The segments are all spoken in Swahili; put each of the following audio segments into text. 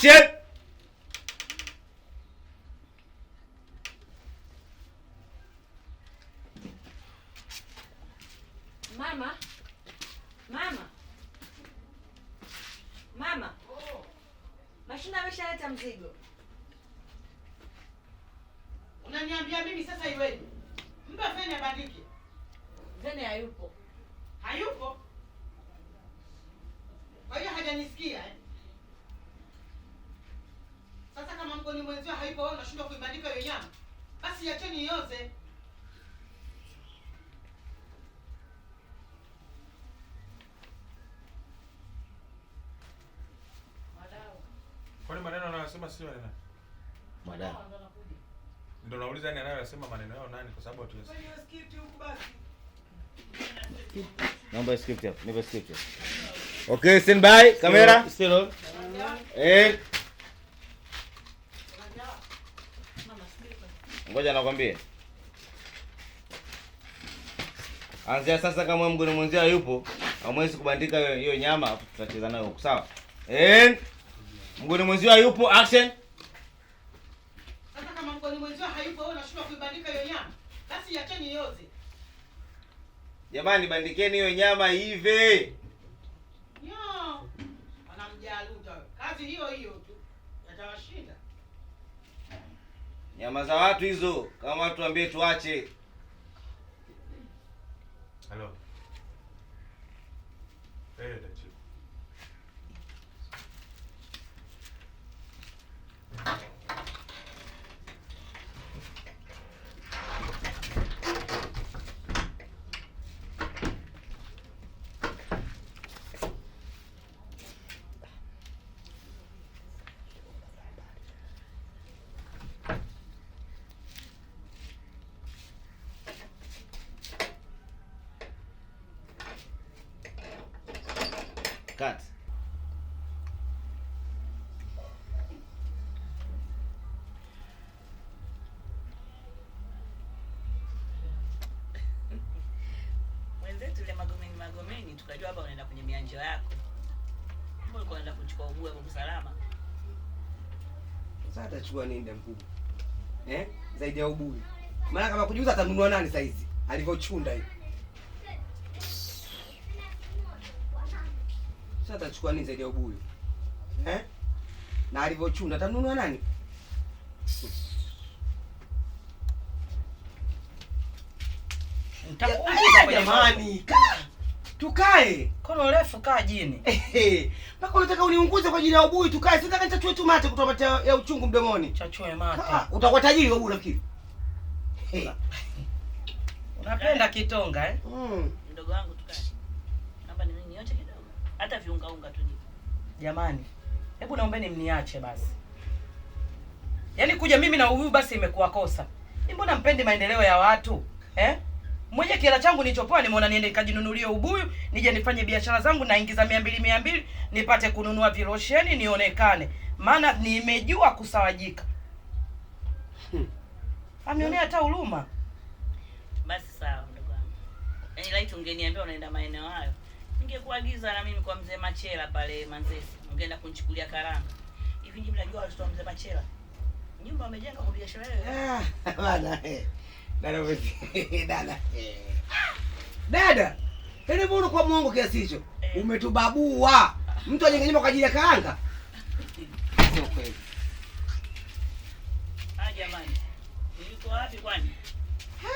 shit. Mama. Mama. Mama. Mashina ameshaleta mzigo. Unaniambia mimi sasa iweje? Mpe abadiki. Vene hayupo. Hayupo? Kwa hiyo hajanisikia eh? mwenzio haipo, wewe unashindwa kuibandika hiyo nyama, basi yacheni ioze. Kwani maneno anayosema sio yana? madawa? Ndio nauliza ni anayosema maneno yao nani? Kwa sababu Kwani script huko basi. Naomba script hapo, nipe script Okay, stand by, camera. Still on. Eh. Ngoja nakwambie, anzia sasa, kama mgoni mwenzia yupo, hamwezi kubandika hiyo nyama, afu tutacheza nayo huko, sawa? Eh, mgeni mwenzia yupo, action. Sasa kama mgoni mwenzia hayupo, wewe unashindwa kuibandika hiyo nyama, basi Jamani, bandikeni hiyo nyama hivi. Yo. Kazi hiyo hiyo tu. Yatawashinda nyama za watu hizo, kama watu ambie tuache. Hello. Hey, Cut. Mwenzetu ile Magomeni, Magomeni tukajua hapa unaenda kwenye mianjo yako, mbona ulikuwa unaenda kuchukua ubua kwa usalama? Sasa atachukua nini mkubwa eh? zaidi ya ubui, maana kama kujiuza atanunua nani saizi alivyochunda hivi Sasa atachukua nini zaidi ya ubuyu eh? Na alivyochuna atanunua nani? Jamani, kaa tukae kono refu, kaa jini mpaka unataka uniunguze kwa ajili ya ubuyu? Tukae sitaka nichachue tu mate kutoa mate ya uchungu mdomoni. Chachue mate, utakuwa tajiri wa ubuyu kile. Unapenda kitonga eh? Mm. Mdogo wangu tukae hata viunga unga tu nipo. Jamani, hebu naombeni mniache basi. Yaani kuja mimi na huyu basi imekuwa kosa. Mbona mpendi maendeleo ya watu? Eh? Mwenye kiela changu nilichopoa nimeona niende kajinunulie ubuyu, nije nifanye biashara zangu naingiza mia 200 mia nipate kununua vilosheni nionekane. Maana nimejua kusawajika. Hmm. Amionea hata huruma. Basi sawa ndugu wangu. Yaani laiti ungeniambia unaenda maeneo hayo. Ningekuagiza na mimi kwa mzee Machela pale Manzesi, ungeenda kunichukulia karanga. Hivi ndio mnajua watoto wa mzee Machela. Nyumba wamejenga kwa biashara yao. Ah, bana. eh, Dada wewe. Dada. eh, Dada. Tena mbona kwa Mungu kiasi hicho? Eh. Umetubabua. Mtu ajenge nyumba kwa ajili ya karanga. Sio kweli. Ah, jamani. Nilikuwa wapi kwani? Ha! Ah,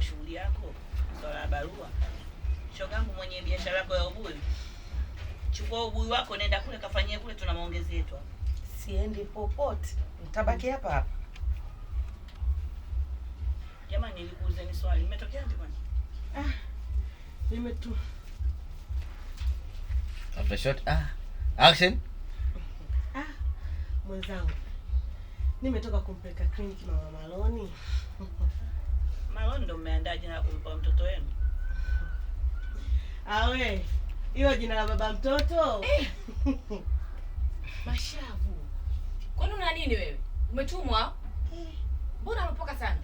kwa shughuli yako, swala la barua. Shogangu mwenye biashara yako ya ubuyu, chukua ubuyu wako, nenda kule kafanyie kule, tuna maongezi yetu hapa. Siendi popote, nitabaki hapa hapa. Jamani, nilikuulizeni swali, imetokea vipi kwani? Ah, nimetu after shot ah action ah, mwenzangu nimetoka kumpeleka kliniki mama Maloni ndo mmeandaa jina la kumpa mtoto wenu? Awe ah, hiyo jina la baba mtoto eh. Mashavu, kwani una nini wewe? Umetumwa? Mbona unapoka sana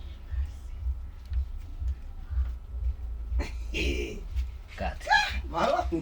kati ah,